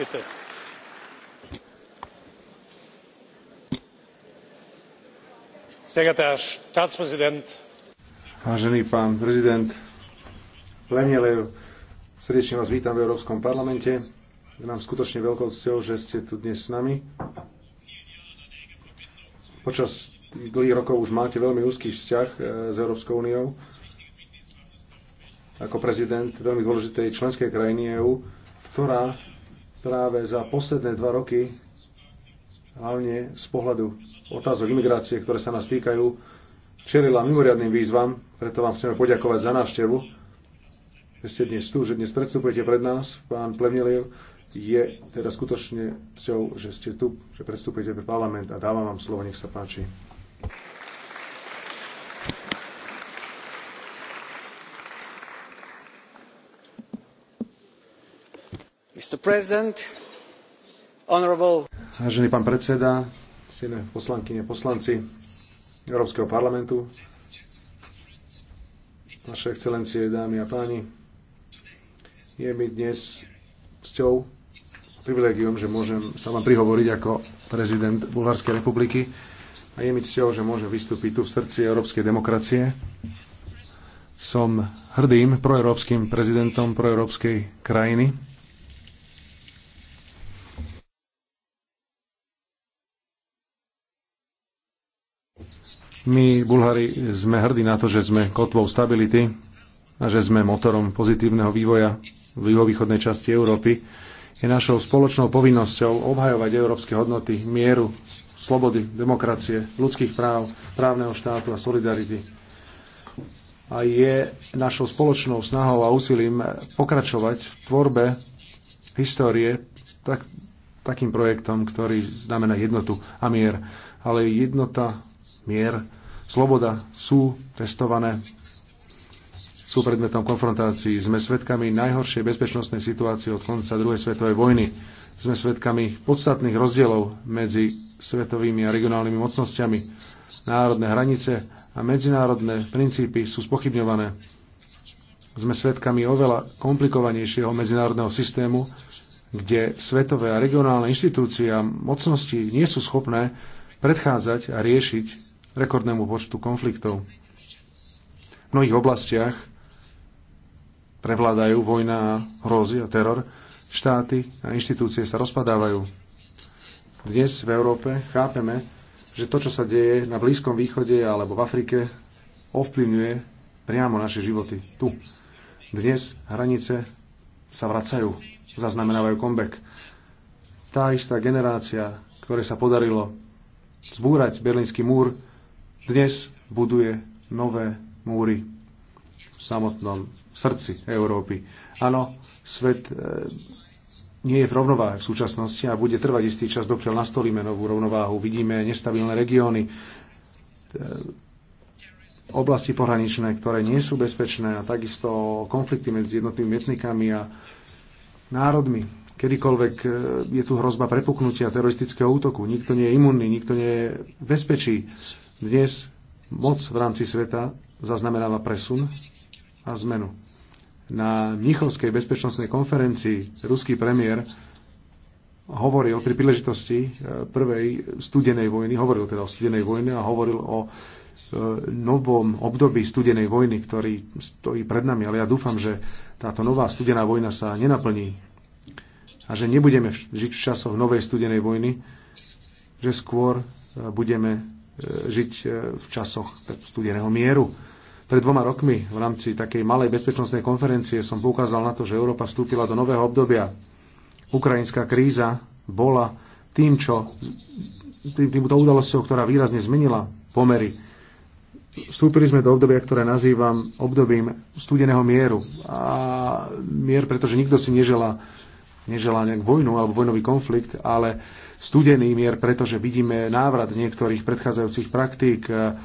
bitte. sehr geehrter herr staatspräsident vážený pán prezident lemieux srdečne vás vítam v európskom parlamente je nám skutočne veľkou cťou že ste tu dnes s nami počas dlhých rokov už máte veľmi úzky vzťah e, s Európskou úniou ako prezident veľmi dôležitej členskej krajiny EÚ, ktorá práve za posledné dva roky, hlavne z pohľadu otázok imigrácie, ktoré sa nás týkajú, čelila mimoriadným výzvam, preto vám chceme poďakovať za návštevu, že ste dnes tu, že dnes predstupujete pred nás, pán Plevnilil, Je teda skutočne cťou, že ste tu, že predstupujete pre parlament a dávam vám slovo, nech sa páči. Vážený pán predseda, ctené poslankyne, poslanci Európskeho parlamentu, vaše excelencie, dámy a páni, je mi dnes cťou a privilegium, že môžem sa vám prihovoriť ako prezident Bulharskej republiky a je mi cťou, že môžem vystúpiť tu v srdci európskej demokracie. Som hrdým proeurópskym prezidentom proeurópskej krajiny My, Bulhari, sme hrdí na to, že sme kotvou stability a že sme motorom pozitívneho vývoja v juhovýchodnej časti Európy. Je našou spoločnou povinnosťou obhajovať európske hodnoty, mieru, slobody, demokracie, ľudských práv, právneho štátu a solidarity. A je našou spoločnou snahou a úsilím pokračovať v tvorbe histórie tak, takým projektom, ktorý znamená jednotu a mier. Ale jednota mier, sloboda sú testované, sú predmetom konfrontácií. Sme svedkami najhoršej bezpečnostnej situácie od konca druhej svetovej vojny. Sme svedkami podstatných rozdielov medzi svetovými a regionálnymi mocnosťami. Národné hranice a medzinárodné princípy sú spochybňované. Sme svedkami oveľa komplikovanejšieho medzinárodného systému, kde svetové a regionálne inštitúcie a mocnosti nie sú schopné predchádzať a riešiť rekordnému počtu konfliktov. V mnohých oblastiach prevládajú vojna a hrozy a teror. Štáty a inštitúcie sa rozpadávajú. Dnes v Európe chápeme, že to, čo sa deje na Blízkom východe alebo v Afrike, ovplyvňuje priamo naše životy tu. Dnes hranice sa vracajú, zaznamenávajú comeback. Tá istá generácia, ktoré sa podarilo zbúrať Berlínsky múr, dnes buduje nové múry v samotnom srdci Európy. Áno, svet e, nie je v rovnováhe v súčasnosti a bude trvať istý čas, dokiaľ nastolíme novú rovnováhu. Vidíme nestabilné regióny, e, oblasti pohraničné, ktoré nie sú bezpečné a takisto konflikty medzi jednotnými etnikami a národmi. Kedykoľvek e, je tu hrozba prepuknutia teroristického útoku. Nikto nie je imunný, nikto nie je bezpečí. Dnes moc v rámci sveta zaznamenáva presun a zmenu. Na Mnichovskej bezpečnostnej konferencii ruský premiér hovoril pri príležitosti e, prvej studenej vojny, hovoril teda o studenej vojne a hovoril o e, novom období studenej vojny, ktorý stojí pred nami, ale ja dúfam, že táto nová studená vojna sa nenaplní a že nebudeme žiť v časoch novej studenej vojny, že skôr e, budeme E, žiť e, v časoch studeného mieru. Pred dvoma rokmi v rámci takej malej bezpečnostnej konferencie som poukázal na to, že Európa vstúpila do nového obdobia. Ukrajinská kríza bola tým, čo, tým, týmto udalosťou, ktorá výrazne zmenila pomery. Vstúpili sme do obdobia, ktoré nazývam obdobím studeného mieru. A mier, pretože nikto si neželá, neželá nejak vojnu alebo vojnový konflikt, ale uh, studený mier, pretože vidíme návrat niektorých predchádzajúcich praktík, e,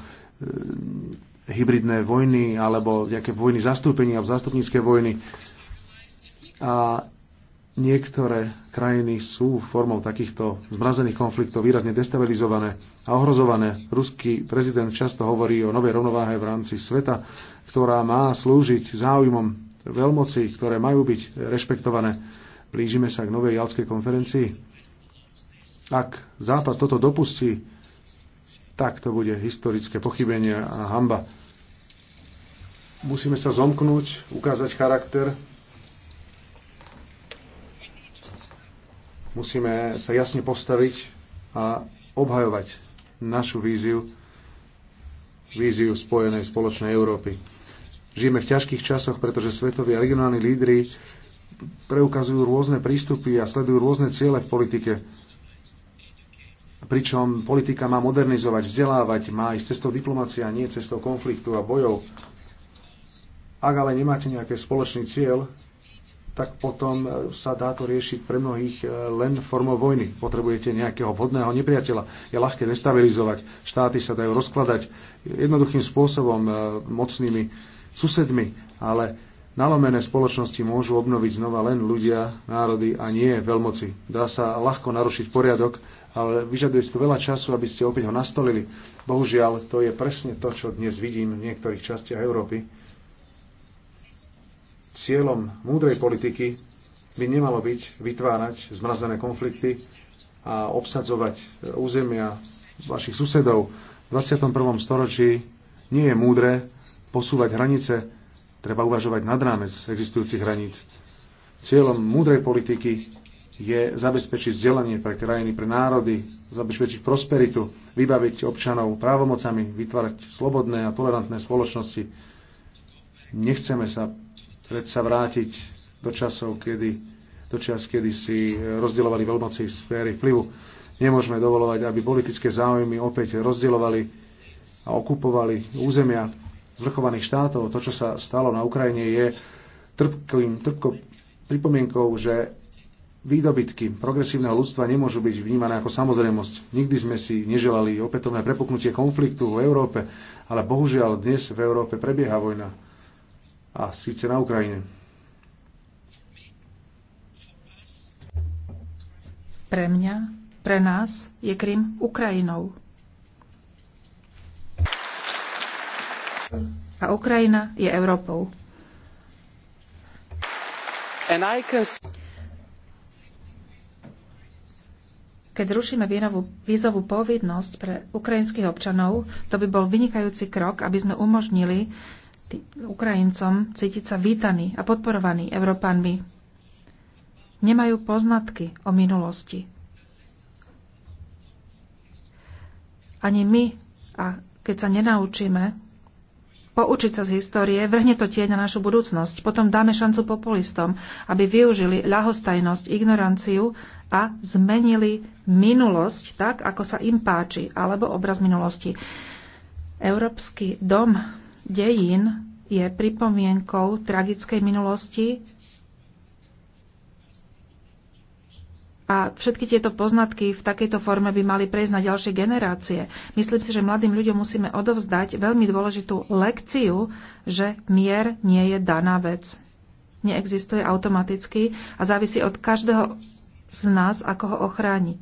hybridné vojny alebo nejaké vojny zastúpenia, zastupnícke vojny. A niektoré krajiny sú formou takýchto zmrazených konfliktov výrazne destabilizované a ohrozované. Ruský prezident často hovorí o novej rovnováhe v rámci sveta, ktorá má slúžiť záujmom veľmocí, ktoré majú byť rešpektované. Blížime sa k novej jalskej konferencii ak Západ toto dopustí, tak to bude historické pochybenie a hamba. Musíme sa zomknúť, ukázať charakter. Musíme sa jasne postaviť a obhajovať našu víziu, víziu spojenej spoločnej Európy. Žijeme v ťažkých časoch, pretože svetoví a regionálni lídry preukazujú rôzne prístupy a sledujú rôzne ciele v politike Pričom politika má modernizovať, vzdelávať, má ísť cestou a nie cestou konfliktu a bojov. Ak ale nemáte nejaký spoločný cieľ, tak potom e, sa dá to riešiť pre mnohých e, len formou vojny. Potrebujete nejakého vhodného nepriateľa. Je ľahké destabilizovať. Štáty sa dajú rozkladať jednoduchým spôsobom, e, mocnými susedmi, ale nalomené spoločnosti môžu obnoviť znova len ľudia, národy a nie veľmoci. Dá sa ľahko narušiť poriadok ale vyžaduje si to veľa času, aby ste opäť ho nastolili. Bohužiaľ, to je presne to, čo dnes vidím v niektorých častiach Európy. Cieľom múdrej politiky by nemalo byť vytvárať zmrazené konflikty a obsadzovať územia vašich susedov. V 21. storočí nie je múdre posúvať hranice, treba uvažovať nad rámec existujúcich hraníc. Cieľom múdrej politiky je zabezpečiť vzdelanie pre krajiny, pre národy, zabezpečiť prosperitu, vybaviť občanov právomocami, vytvárať slobodné a tolerantné spoločnosti. Nechceme sa predsa vrátiť do časov, kedy, do čas, kedy si rozdielovali veľmoci sféry vplyvu. Nemôžeme dovolovať, aby politické záujmy opäť rozdielovali a okupovali územia zvrchovaných štátov. To, čo sa stalo na Ukrajine, je trpkým, trpko pripomienkou, že Výdobytky progresívneho ľudstva nemôžu byť vnímané ako samozrejmosť. Nikdy sme si neželali opätovné prepuknutie konfliktu v Európe, ale bohužiaľ dnes v Európe prebieha vojna. A síce na Ukrajine. Pre mňa, pre nás je Krym Ukrajinou. A Ukrajina je Európou. And I can... Keď zrušíme vízovú povinnosť pre ukrajinských občanov, to by bol vynikajúci krok, aby sme umožnili Ukrajincom cítiť sa vítaní a podporovaní Európanmi. Nemajú poznatky o minulosti. Ani my, a keď sa nenaučíme poučiť sa z histórie, vrhne to tieň na našu budúcnosť. Potom dáme šancu populistom, aby využili ľahostajnosť, ignoranciu a zmenili minulosť tak, ako sa im páči, alebo obraz minulosti. Európsky dom dejín je pripomienkou tragickej minulosti A všetky tieto poznatky v takejto forme by mali prejsť na ďalšie generácie. Myslím si, že mladým ľuďom musíme odovzdať veľmi dôležitú lekciu, že mier nie je daná vec. Neexistuje automaticky a závisí od každého z nás, ako ho ochráni.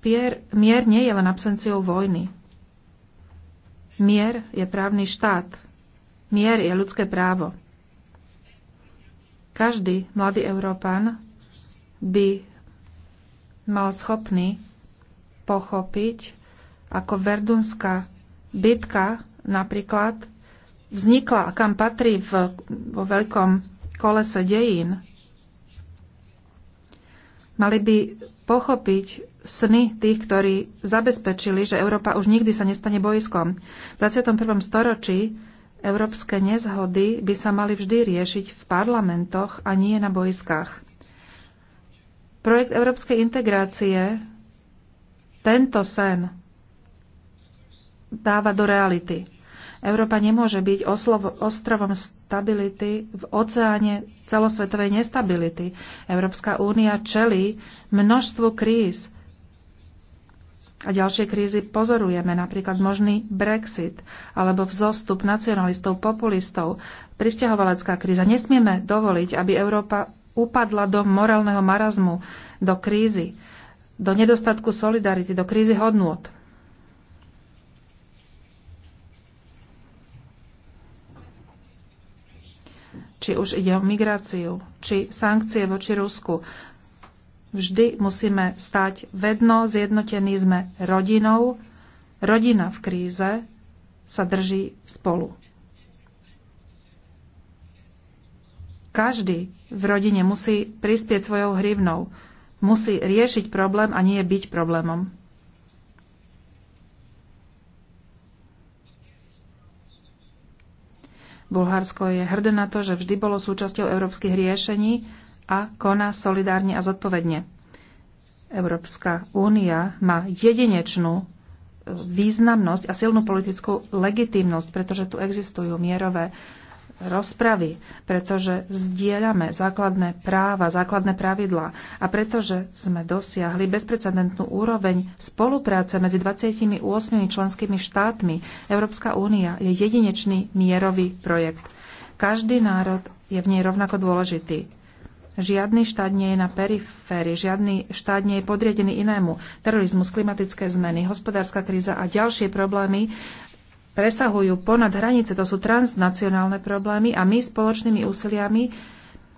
Pier, mier nie je len absenciou vojny. Mier je právny štát. Mier je ľudské právo. Každý mladý Európan by mal schopný pochopiť, ako verdunská bitka napríklad vznikla a kam patrí v, vo veľkom kolese dejín Mali by pochopiť sny tých, ktorí zabezpečili, že Európa už nikdy sa nestane bojskom. V 21. storočí európske nezhody by sa mali vždy riešiť v parlamentoch a nie na bojskách. Projekt európskej integrácie tento sen dáva do reality. Európa nemôže byť ostrovom stability v oceáne celosvetovej nestability. Európska únia čelí množstvu kríz. A ďalšie krízy pozorujeme, napríklad možný Brexit alebo vzostup nacionalistov, populistov, pristahovalecká kríza. Nesmieme dovoliť, aby Európa upadla do morálneho marazmu, do krízy, do nedostatku solidarity, do krízy hodnôt. či už ide o migráciu, či sankcie voči Rusku. Vždy musíme stať vedno, zjednotení sme rodinou. Rodina v kríze sa drží spolu. Každý v rodine musí prispieť svojou hrivnou, musí riešiť problém a nie byť problémom. Bulharsko je hrdé na to, že vždy bolo súčasťou európskych riešení a koná solidárne a zodpovedne. Európska únia má jedinečnú e, významnosť a silnú politickú legitimnosť, pretože tu existujú mierové rozpravy, pretože zdieľame základné práva, základné pravidlá a pretože sme dosiahli bezprecedentnú úroveň spolupráce medzi 28 členskými štátmi, Európska únia je jedinečný mierový projekt. Každý národ je v nej rovnako dôležitý. Žiadny štát nie je na periférii, žiadny štát nie je podriedený inému. Terorizmus, klimatické zmeny, hospodárska kríza a ďalšie problémy presahujú ponad hranice, to sú transnacionálne problémy a my spoločnými úsiliami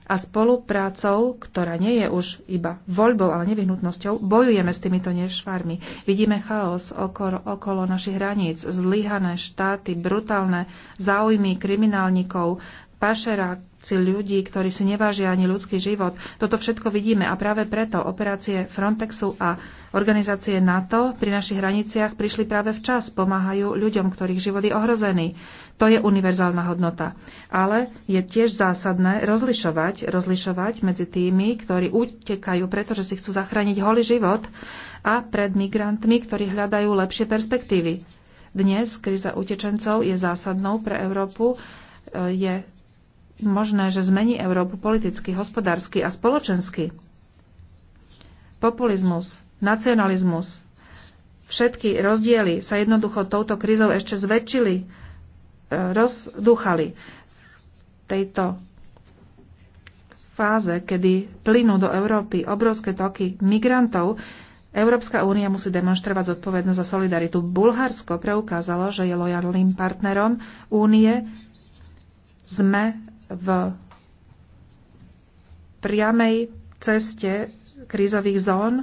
a spoluprácou, ktorá nie je už iba voľbou, ale nevyhnutnosťou, bojujeme s týmito nešvarmi. Vidíme chaos okolo, okolo našich hraníc, zlyhané štáty, brutálne záujmy kriminálnikov, pašeráci ľudí, ktorí si nevážia ani ľudský život. Toto všetko vidíme a práve preto operácie Frontexu a Organizácie NATO pri našich hraniciach prišli práve včas, pomáhajú ľuďom, ktorých život je ohrozený. To je univerzálna hodnota. Ale je tiež zásadné rozlišovať, rozlišovať medzi tými, ktorí utekajú, pretože si chcú zachrániť holý život a pred migrantmi, ktorí hľadajú lepšie perspektívy. Dnes kríza utečencov je zásadnou pre Európu. Je možné, že zmení Európu politicky, hospodársky a spoločensky populizmus, nacionalizmus, všetky rozdiely sa jednoducho touto krízou ešte zväčšili, e, rozdúchali. Tejto fáze, kedy plynú do Európy obrovské toky migrantov, Európska únia musí demonstrovať zodpovednosť za solidaritu. Bulharsko preukázalo, že je lojalným partnerom únie. Sme v priamej ceste krízových zón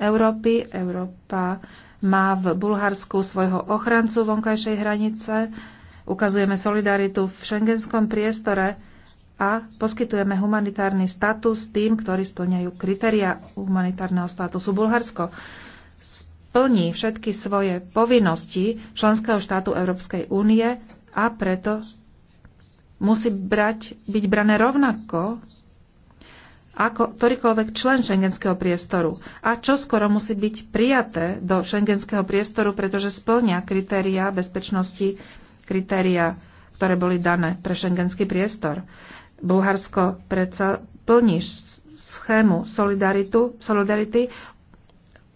Európy. Európa má v Bulharsku svojho ochrancu vonkajšej hranice, ukazujeme solidaritu v šengenskom priestore a poskytujeme humanitárny status tým, ktorí splňajú kritéria humanitárneho statusu. Bulharsko plní všetky svoje povinnosti členského štátu Európskej únie a preto musí brať, byť brané rovnako ako ktorýkoľvek člen šengenského priestoru a čo skoro musí byť prijaté do šengenského priestoru, pretože splňa kritéria bezpečnosti, kritéria, ktoré boli dané pre šengenský priestor. Bulharsko predsa plní schému solidaritu, solidarity,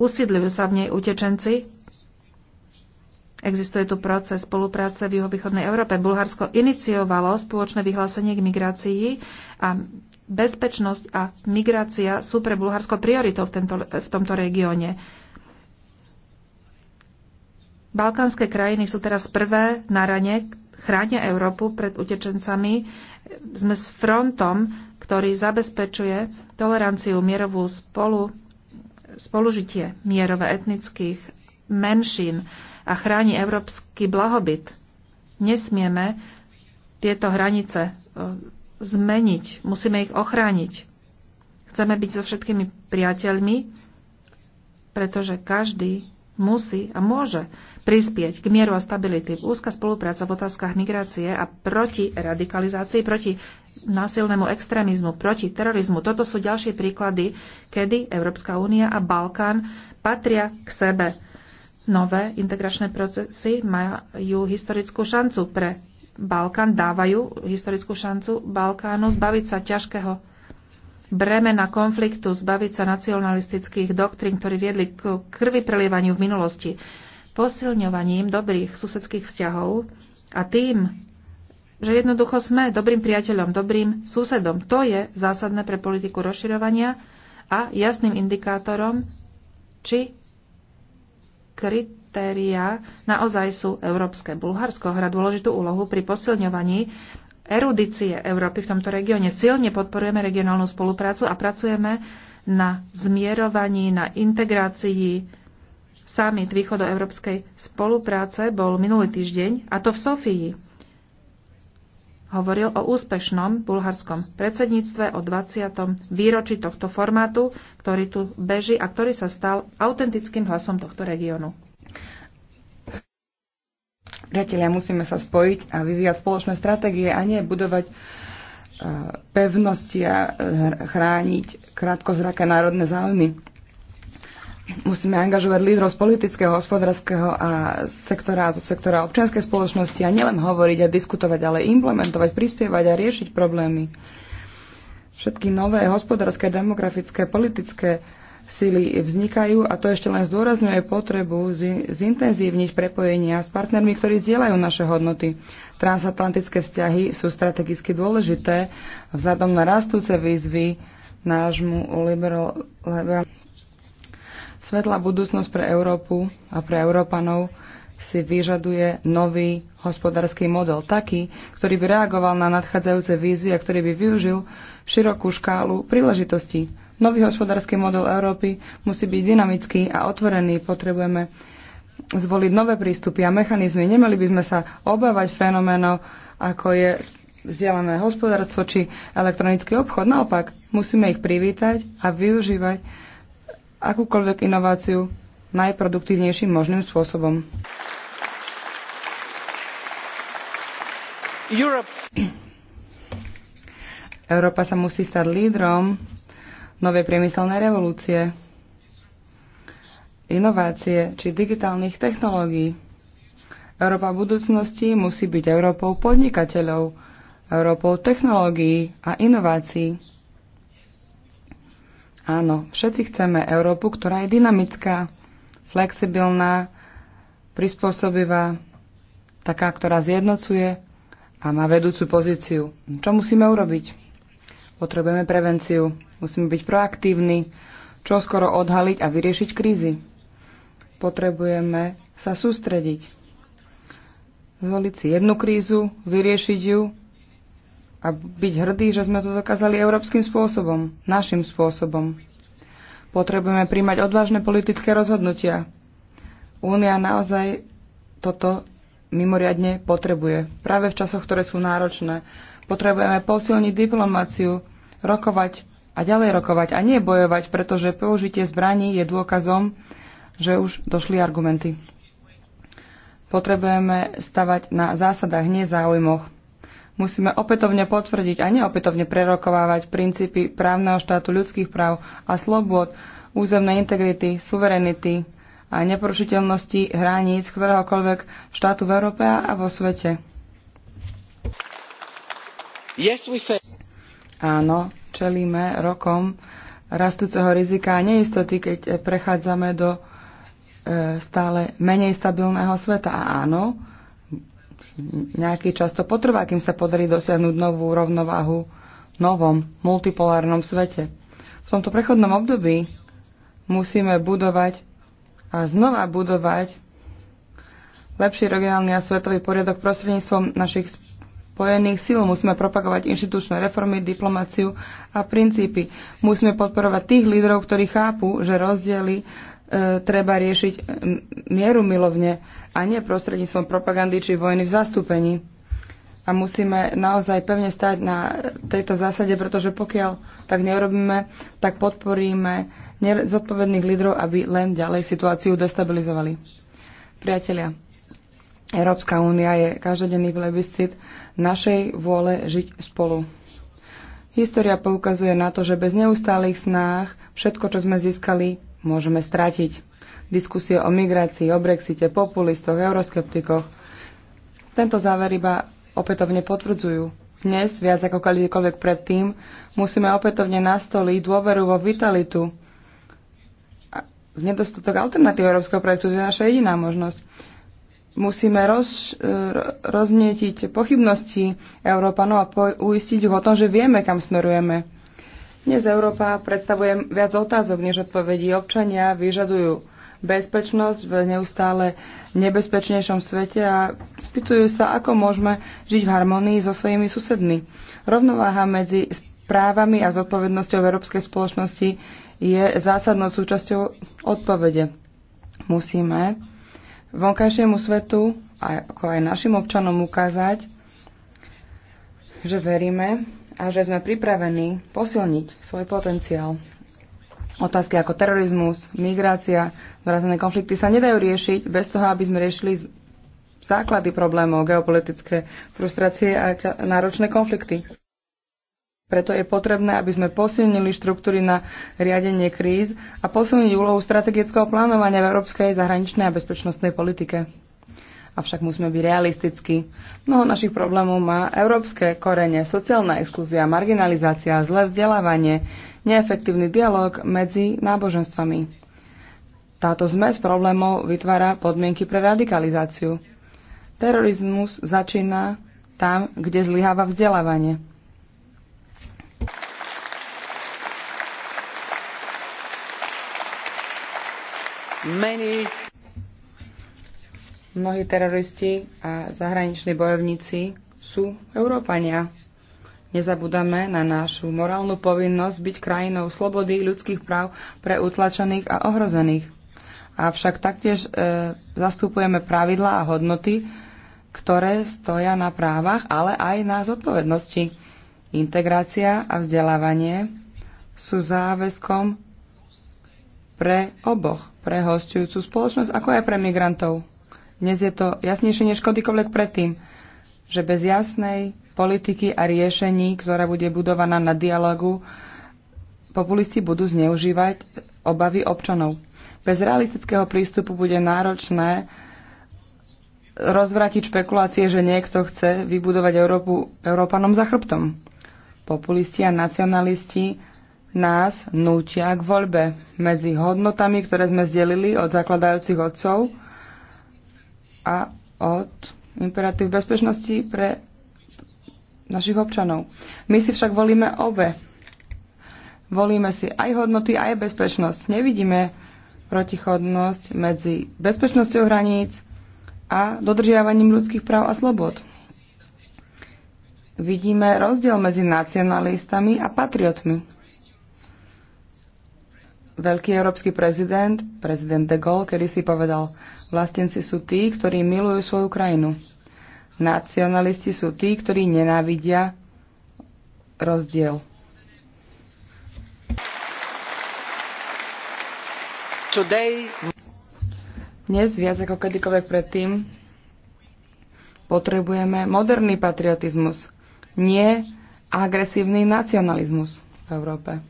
usídľujú sa v nej utečenci, Existuje tu proces spolupráce v juhovýchodnej Európe. Bulharsko iniciovalo spoločné vyhlásenie k migrácii a bezpečnosť a migrácia sú pre Bulharsko prioritou v, tento, v tomto regióne. Balkánske krajiny sú teraz prvé na rane, chránia Európu pred utečencami. Sme s frontom, ktorý zabezpečuje toleranciu, mierovú spolu, spolužitie mierové etnických menšín a chráni európsky blahobyt. Nesmieme tieto hranice zmeniť, musíme ich ochrániť. Chceme byť so všetkými priateľmi, pretože každý musí a môže prispieť k mieru a stability. Úzka spolupráca v otázkach migrácie a proti radikalizácii, proti násilnému extrémizmu, proti terorizmu. Toto sú ďalšie príklady, kedy Európska únia a Balkán patria k sebe. Nové integračné procesy majú historickú šancu pre Balkán, dávajú historickú šancu Balkánu zbaviť sa ťažkého bremena konfliktu, zbaviť sa nacionalistických doktrín, ktorí viedli k krvi prelievaniu v minulosti. Posilňovaním dobrých susedských vzťahov a tým, že jednoducho sme dobrým priateľom, dobrým susedom. To je zásadné pre politiku rozširovania a jasným indikátorom, či krit kritéria naozaj sú európske. Bulharsko hrá dôležitú úlohu pri posilňovaní erudície Európy v tomto regióne. Silne podporujeme regionálnu spoluprácu a pracujeme na zmierovaní, na integrácii. Summit východoeurópskej spolupráce bol minulý týždeň, a to v Sofii. Hovoril o úspešnom bulharskom predsedníctve, o 20. výročí tohto formátu, ktorý tu beží a ktorý sa stal autentickým hlasom tohto regiónu. Priatelia, musíme sa spojiť a vyvíjať spoločné stratégie a nie budovať e, pevnosti a e, chrániť krátkozraké národné záujmy. Musíme angažovať lídrov z politického, hospodárskeho a sektora, zo sektora občianskej spoločnosti a nielen hovoriť a diskutovať, ale implementovať, prispievať a riešiť problémy. Všetky nové hospodárske, demografické, politické sily vznikajú a to ešte len zdôrazňuje potrebu zintenzívniť prepojenia s partnermi, ktorí zdieľajú naše hodnoty. Transatlantické vzťahy sú strategicky dôležité vzhľadom na rastúce výzvy nášmu liberal, liberal. Svetlá budúcnosť pre Európu a pre Európanov si vyžaduje nový hospodársky model, taký, ktorý by reagoval na nadchádzajúce výzvy a ktorý by využil širokú škálu príležitostí Nový hospodársky model Európy musí byť dynamický a otvorený. Potrebujeme zvoliť nové prístupy a mechanizmy. Nemali by sme sa obávať fenoménov, ako je vzdialené hospodárstvo či elektronický obchod. Naopak, musíme ich privítať a využívať akúkoľvek inováciu najproduktívnejším možným spôsobom. Europe. Európa sa musí stať lídrom nové priemyselné revolúcie, inovácie či digitálnych technológií. Európa budúcnosti musí byť Európou podnikateľov, Európou technológií a inovácií. Áno, všetci chceme Európu, ktorá je dynamická, flexibilná, prispôsobivá, taká, ktorá zjednocuje a má vedúcu pozíciu. Čo musíme urobiť? Potrebujeme prevenciu. Musíme byť proaktívni, čo skoro odhaliť a vyriešiť krízy. Potrebujeme sa sústrediť. Zvoliť si jednu krízu, vyriešiť ju a byť hrdý, že sme to dokázali európskym spôsobom, našim spôsobom. Potrebujeme príjmať odvážne politické rozhodnutia. Únia naozaj toto mimoriadne potrebuje. Práve v časoch, ktoré sú náročné. Potrebujeme posilniť diplomáciu, rokovať a ďalej rokovať a nie bojovať, pretože použitie zbraní je dôkazom, že už došli argumenty. Potrebujeme stavať na zásadách, nie záujmoch. Musíme opätovne potvrdiť a neopätovne prerokovávať princípy právneho štátu ľudských práv a slobôd, územnej integrity, suverenity a neporušiteľnosti hraníc ktoréhokoľvek štátu v Európe a vo svete. Áno, čelíme rokom rastúceho rizika a neistoty, keď eh, prechádzame do eh, stále menej stabilného sveta. A áno, nejaký čas to potrvá, kým sa podarí dosiahnuť novú rovnováhu v novom multipolárnom svete. V tomto prechodnom období musíme budovať a znova budovať lepší regionálny a svetový poriadok prostredníctvom našich spojených síl. Musíme propagovať inštitúčné reformy, diplomáciu a princípy. Musíme podporovať tých lídrov, ktorí chápu, že rozdiely e, treba riešiť mierumilovne a nie prostredníctvom propagandy či vojny v zastúpení. A musíme naozaj pevne stať na tejto zásade, pretože pokiaľ tak neurobíme, tak podporíme zodpovedných lídrov, aby len ďalej situáciu destabilizovali. Priatelia, Európska únia je každodenný plebiscit našej vôle žiť spolu. História poukazuje na to, že bez neustálých snách všetko, čo sme získali, môžeme stratiť. Diskusie o migrácii, o Brexite, populistoch, euroskeptikoch. Tento záver iba opätovne potvrdzujú. Dnes, viac ako kedykoľvek predtým, musíme opätovne nastoliť dôveru vo vitalitu. A nedostatok alternatív európskeho projektu je naša jediná možnosť musíme roz, rozmietiť pochybnosti Európanov a po, uistiť ich o tom, že vieme, kam smerujeme. Dnes Európa predstavuje viac otázok než odpovedí. Občania vyžadujú bezpečnosť v neustále nebezpečnejšom svete a spýtujú sa, ako môžeme žiť v harmonii so svojimi susedmi. Rovnováha medzi právami a zodpovednosťou v európskej spoločnosti je zásadnou súčasťou odpovede. Musíme vonkajšiemu svetu, ako aj našim občanom ukázať, že veríme a že sme pripravení posilniť svoj potenciál. Otázky ako terorizmus, migrácia, mrazené konflikty sa nedajú riešiť bez toho, aby sme riešili základy problémov, geopolitické frustrácie a náročné konflikty. Preto je potrebné, aby sme posilnili štruktúry na riadenie kríz a posilniť úlohu strategického plánovania v európskej zahraničnej a bezpečnostnej politike. Avšak musíme byť realistickí. Mnoho našich problémov má európske korene, sociálna exklúzia, marginalizácia, zlé vzdelávanie, neefektívny dialog medzi náboženstvami. Táto zmes problémov vytvára podmienky pre radikalizáciu. Terorizmus začína tam, kde zlyháva vzdelávanie Mnohí teroristi a zahraniční bojovníci sú Európania. Nezabúdame na našu morálnu povinnosť byť krajinou slobody, ľudských práv pre utlačených a ohrozených. Avšak taktiež e, zastupujeme pravidlá a hodnoty, ktoré stoja na právach, ale aj na zodpovednosti. Integrácia a vzdelávanie sú záväzkom pre oboch, pre hostujúcu spoločnosť, ako aj pre migrantov. Dnes je to jasnejšie než kedykoľvek predtým, že bez jasnej politiky a riešení, ktorá bude budovaná na dialogu, populisti budú zneužívať obavy občanov. Bez realistického prístupu bude náročné rozvratiť špekulácie, že niekto chce vybudovať Európu Európanom za chrbtom. Populisti a nacionalisti nás nútia k voľbe medzi hodnotami, ktoré sme zdelili od zakladajúcich odcov a od imperatív bezpečnosti pre našich občanov. My si však volíme obe. Volíme si aj hodnoty, aj bezpečnosť. Nevidíme protichodnosť medzi bezpečnosťou hraníc a dodržiavaním ľudských práv a slobod. Vidíme rozdiel medzi nacionalistami a patriotmi veľký európsky prezident, prezident de Gaulle, kedy si povedal, vlastenci sú tí, ktorí milujú svoju krajinu. Nacionalisti sú tí, ktorí nenávidia rozdiel. Today... Dnes viac ako kedykoľvek predtým potrebujeme moderný patriotizmus, nie agresívny nacionalizmus v Európe.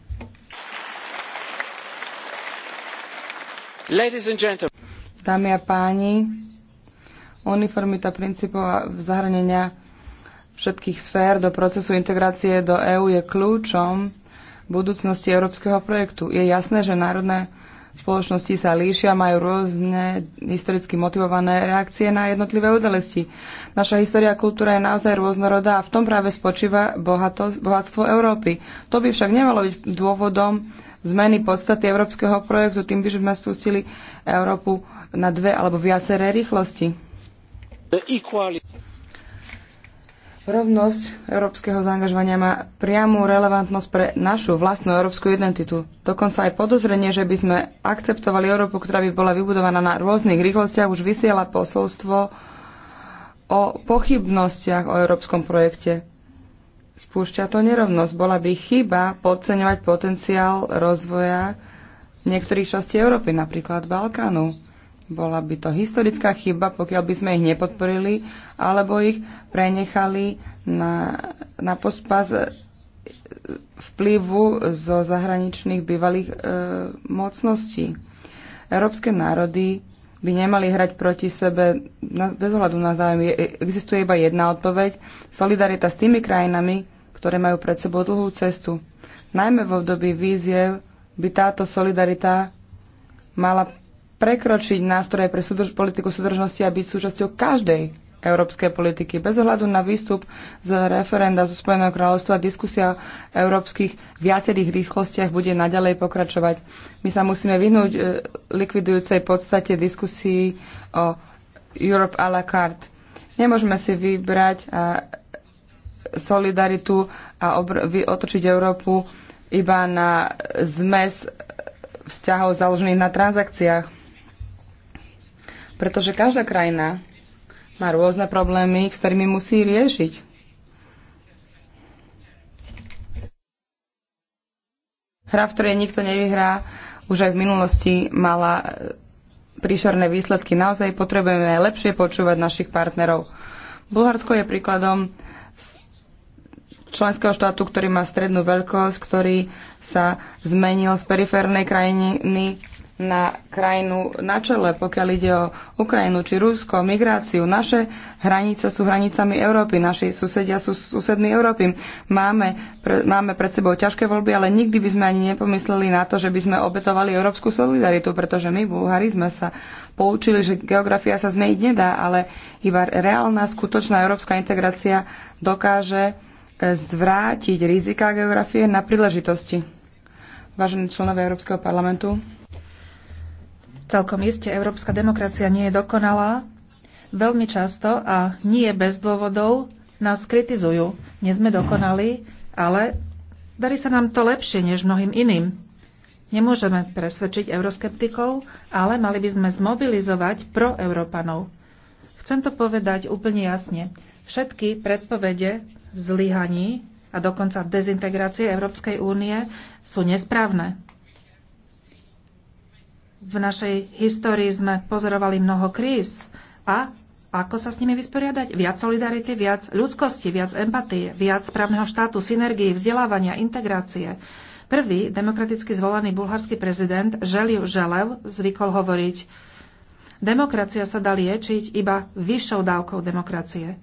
Dámy a páni, uniformita princípov zahrnenia všetkých sfér do procesu integrácie do EÚ je kľúčom budúcnosti európskeho projektu. Je jasné, že národné spoločnosti sa líšia, majú rôzne historicky motivované reakcie na jednotlivé udalosti. Naša história a kultúra je naozaj rôznorodá a v tom práve spočíva bohato, bohatstvo Európy. To by však nemalo byť dôvodom zmeny podstaty európskeho projektu, tým by sme spustili Európu na dve alebo viaceré rýchlosti. Rovnosť európskeho zaangažovania má priamu relevantnosť pre našu vlastnú európsku identitu. Dokonca aj podozrenie, že by sme akceptovali Európu, ktorá by bola vybudovaná na rôznych rýchlostiach, už vysiela posolstvo o pochybnostiach o európskom projekte. Spúšťa to nerovnosť. Bola by chyba podceňovať potenciál rozvoja niektorých častí Európy, napríklad Balkánu bola by to historická chyba, pokiaľ by sme ich nepodporili, alebo ich prenechali na, na pospas vplyvu zo zahraničných bývalých e, mocností. Európske národy by nemali hrať proti sebe na, bez ohľadu na zájem. Existuje iba jedna odpoveď. Solidarita s tými krajinami, ktoré majú pred sebou dlhú cestu. Najmä v období víziev by táto solidarita mala prekročiť nástroje pre súdrž, politiku súdržnosti a byť súčasťou každej európskej politiky. Bez ohľadu na výstup z referenda zo Spojeného kráľovstva diskusia o európskych viacerých rýchlostiach bude naďalej pokračovať. My sa musíme vyhnúť e, likvidujúcej podstate diskusii o Europe à la carte. Nemôžeme si vybrať a e, solidaritu a otočiť Európu iba na zmes vzťahov založených na transakciách pretože každá krajina má rôzne problémy, s ktorými musí riešiť. Hra, v ktorej nikto nevyhrá, už aj v minulosti mala e, príšerné výsledky. Naozaj potrebujeme lepšie počúvať našich partnerov. Bulharsko je príkladom členského štátu, ktorý má strednú veľkosť, ktorý sa zmenil z periférnej krajiny na krajinu na čele, pokiaľ ide o Ukrajinu či Rusko, migráciu. Naše hranice sú hranicami Európy, naši susedia sú susedmi Európy. Máme, pre, máme pred sebou ťažké voľby, ale nikdy by sme ani nepomysleli na to, že by sme obetovali európsku solidaritu, pretože my, bulhari sme sa poučili, že geografia sa zmeniť nedá, ale iba reálna, skutočná európska integrácia dokáže e, zvrátiť rizika geografie na príležitosti. Vážení členovia Európskeho parlamentu, Celkom iste európska demokracia nie je dokonalá. Veľmi často a nie bez dôvodov nás kritizujú. Nie sme dokonali, ale darí sa nám to lepšie než mnohým iným. Nemôžeme presvedčiť euroskeptikov, ale mali by sme zmobilizovať pro Európanov. Chcem to povedať úplne jasne. Všetky predpovede zlyhaní a dokonca dezintegrácie Európskej únie sú nesprávne. V našej histórii sme pozorovali mnoho kríz a ako sa s nimi vysporiadať? Viac solidarity, viac ľudskosti, viac empatie, viac právneho štátu, synergii, vzdelávania, integrácie. Prvý demokraticky zvolený bulharský prezident Želiv Želev zvykol hovoriť Demokracia sa dá liečiť iba vyššou dávkou demokracie.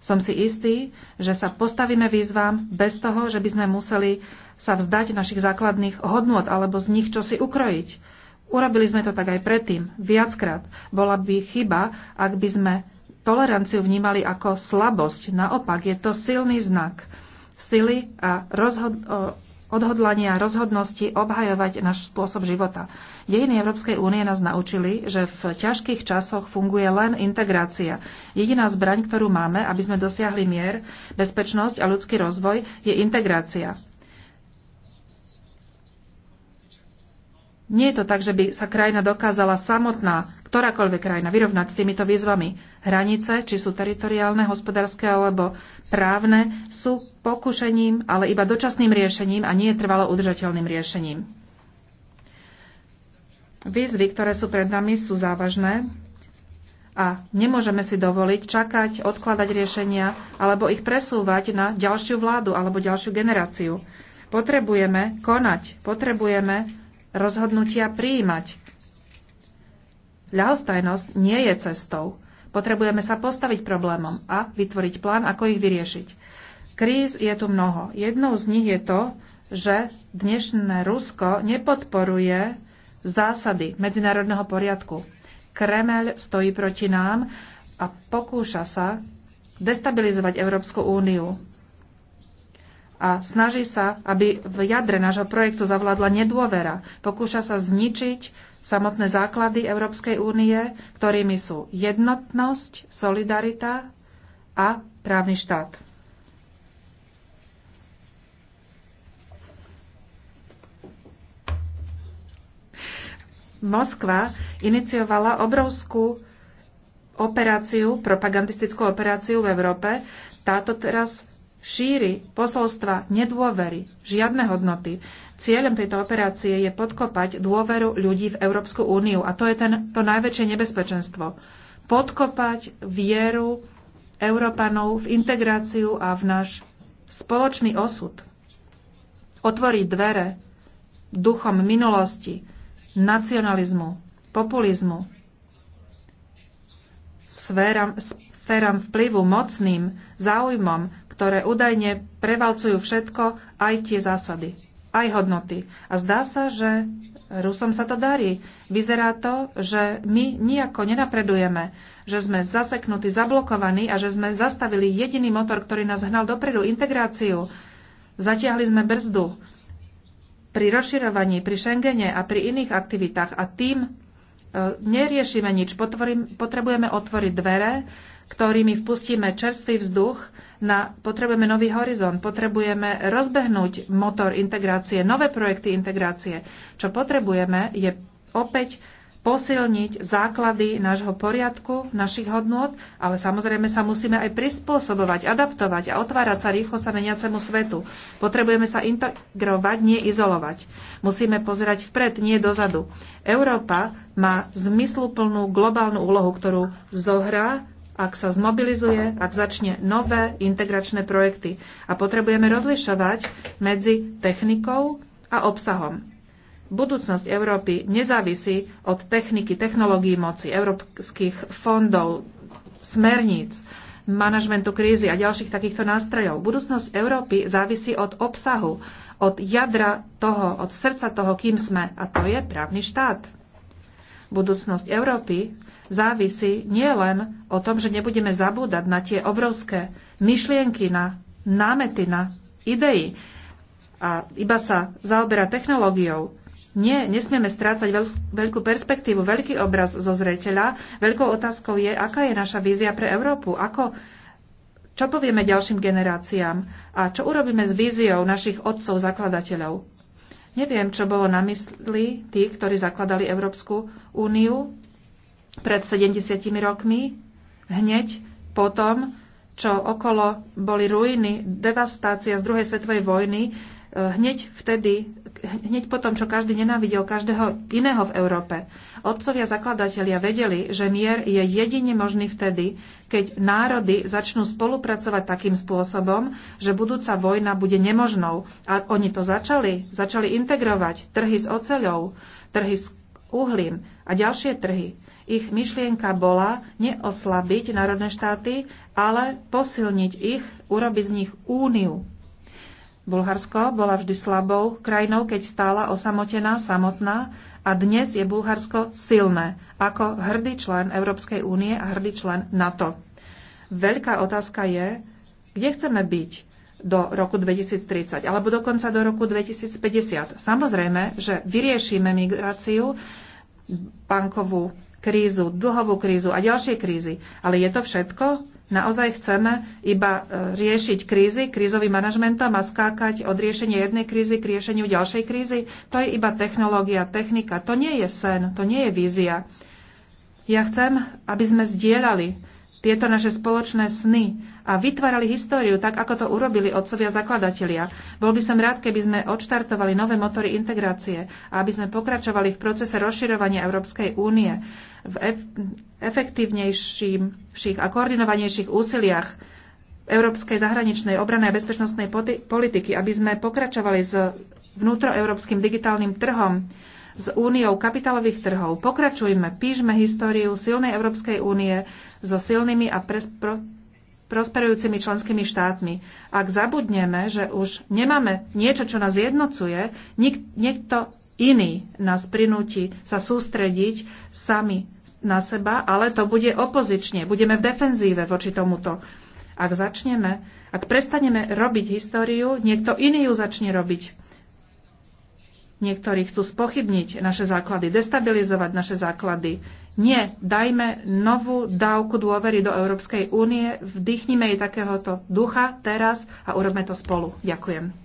Som si istý, že sa postavíme výzvam bez toho, že by sme museli sa vzdať našich základných hodnôt alebo z nich čosi ukrojiť. Urobili sme to tak aj predtým, viackrát. Bola by chyba, ak by sme toleranciu vnímali ako slabosť. Naopak, je to silný znak sily a rozhod- odhodlania rozhodnosti obhajovať náš spôsob života. Dejiny Európskej únie nás naučili, že v ťažkých časoch funguje len integrácia. Jediná zbraň, ktorú máme, aby sme dosiahli mier, bezpečnosť a ľudský rozvoj, je integrácia. Nie je to tak, že by sa krajina dokázala samotná, ktorákoľvek krajina, vyrovnať s týmito výzvami. Hranice, či sú teritoriálne, hospodárske alebo právne, sú pokušením, ale iba dočasným riešením a nie trvalo udržateľným riešením. Výzvy, ktoré sú pred nami, sú závažné a nemôžeme si dovoliť čakať, odkladať riešenia alebo ich presúvať na ďalšiu vládu alebo ďalšiu generáciu. Potrebujeme konať, potrebujeme rozhodnutia prijímať. Ľahostajnosť nie je cestou. Potrebujeme sa postaviť problémom a vytvoriť plán, ako ich vyriešiť. Kríz je tu mnoho. Jednou z nich je to, že dnešné Rusko nepodporuje zásady medzinárodného poriadku. Kremel stojí proti nám a pokúša sa destabilizovať Európsku úniu a snaží sa, aby v jadre nášho projektu zavládla nedôvera. Pokúša sa zničiť samotné základy Európskej únie, ktorými sú jednotnosť, solidarita a právny štát. Moskva iniciovala obrovskú operáciu, propagandistickú operáciu v Európe. Táto teraz šíri posolstva nedôvery, žiadne hodnoty. Cieľom tejto operácie je podkopať dôveru ľudí v Európsku úniu a to je ten, to najväčšie nebezpečenstvo. Podkopať vieru Európanov v integráciu a v náš spoločný osud. Otvoriť dvere duchom minulosti, nacionalizmu, populizmu, sféram, sféram vplyvu, mocným záujmom, ktoré údajne prevalcujú všetko, aj tie zásady, aj hodnoty. A zdá sa, že Rusom sa to darí. Vyzerá to, že my nejako nenapredujeme, že sme zaseknutí, zablokovaní a že sme zastavili jediný motor, ktorý nás hnal dopredu, integráciu. Zatiahli sme brzdu pri rozširovaní, pri Schengene a pri iných aktivitách a tým e, neriešime nič. Potvorím, potrebujeme otvoriť dvere, ktorými vpustíme čerstvý vzduch na, potrebujeme nový horizont, potrebujeme rozbehnúť motor integrácie, nové projekty integrácie. Čo potrebujeme je opäť posilniť základy nášho poriadku, našich hodnôt, ale samozrejme sa musíme aj prispôsobovať, adaptovať a otvárať sa rýchlo sa meniacemu svetu. Potrebujeme sa integrovať, nie izolovať. Musíme pozerať vpred, nie dozadu. Európa má zmysluplnú globálnu úlohu, ktorú zohrá ak sa zmobilizuje, ak začne nové integračné projekty. A potrebujeme rozlišovať medzi technikou a obsahom. Budúcnosť Európy nezávisí od techniky, technológií moci, európskych fondov, smerníc, manažmentu krízy a ďalších takýchto nástrojov. Budúcnosť Európy závisí od obsahu, od jadra toho, od srdca toho, kým sme, a to je právny štát. Budúcnosť Európy závisí nielen o tom, že nebudeme zabúdať na tie obrovské myšlienky, na námety, na idei a iba sa zaoberá technológiou. Nie, nesmieme strácať veľkú perspektívu, veľký obraz zo zreteľa. Veľkou otázkou je, aká je naša vízia pre Európu, ako čo povieme ďalším generáciám a čo urobíme s víziou našich otcov zakladateľov? Neviem, čo bolo na mysli tí, ktorí zakladali Európsku úniu pred 70 rokmi, hneď potom, čo okolo boli ruiny, devastácia z druhej svetovej vojny, e, hneď vtedy, hneď potom, čo každý nenávidel každého iného v Európe. Otcovia zakladatelia vedeli, že mier je jedine možný vtedy, keď národy začnú spolupracovať takým spôsobom, že budúca vojna bude nemožnou. A oni to začali. Začali integrovať trhy s oceľou, trhy s uhlím a ďalšie trhy. Ich myšlienka bola neoslabiť národné štáty, ale posilniť ich, urobiť z nich úniu. Bulharsko bola vždy slabou krajinou, keď stála osamotená, samotná a dnes je Bulharsko silné ako hrdý člen Európskej únie a hrdý člen NATO. Veľká otázka je, kde chceme byť do roku 2030 alebo dokonca do roku 2050. Samozrejme, že vyriešime migráciu, bankovú krízu, dlhovú krízu a ďalšie krízy. Ale je to všetko? Naozaj chceme iba e, riešiť krízy krízovým manažmentom a skákať od riešenia jednej krízy k riešeniu ďalšej krízy? To je iba technológia, technika. To nie je sen, to nie je vízia. Ja chcem, aby sme zdieľali tieto naše spoločné sny a vytvárali históriu tak, ako to urobili otcovia zakladatelia. Bol by som rád, keby sme odštartovali nové motory integrácie a aby sme pokračovali v procese rozširovania Európskej únie v efektívnejších a koordinovanejších úsiliach európskej zahraničnej obranej a bezpečnostnej politiky, aby sme pokračovali s vnútroeurópskym digitálnym trhom, s úniou kapitálových trhov. Pokračujme, píšme históriu silnej Európskej únie so silnými a pres- pro- prosperujúcimi členskými štátmi. Ak zabudneme, že už nemáme niečo, čo nás jednocuje, nik- niekto iný nás prinúti sa sústrediť sami na seba, ale to bude opozične. Budeme v defenzíve voči tomuto. Ak začneme, ak prestaneme robiť históriu, niekto iný ju začne robiť. Niektorí chcú spochybniť naše základy, destabilizovať naše základy, nie, dajme novú dávku dôvery do Európskej únie, vdýchnime jej takéhoto ducha teraz a urobme to spolu. Ďakujem.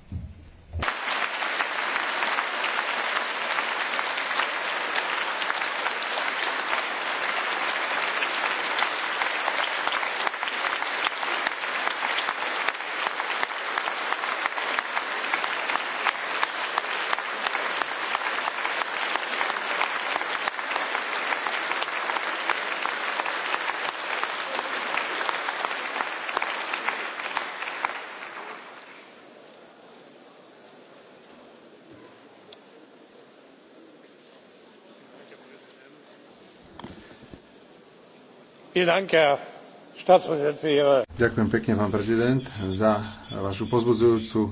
Ďakujem pekne, pán prezident, za vašu pozbudzujúcu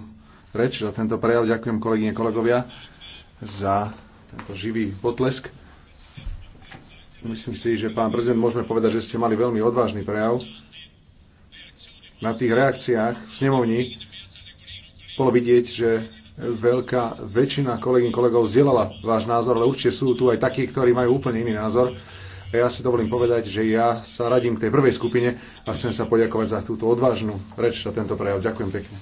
reč, za tento prejav. Ďakujem kolegyne, kolegovia, za tento živý potlesk. Myslím si, že pán prezident, môžeme povedať, že ste mali veľmi odvážny prejav. Na tých reakciách v snemovni bolo vidieť, že veľká väčšina kolegyň kolegov zdieľala váš názor, ale určite sú tu aj takí, ktorí majú úplne iný názor a Ja si dovolím povedať, že ja sa radím k tej prvej skupine a chcem sa poďakovať za túto odvážnu reč a tento prejav. Ďakujem pekne.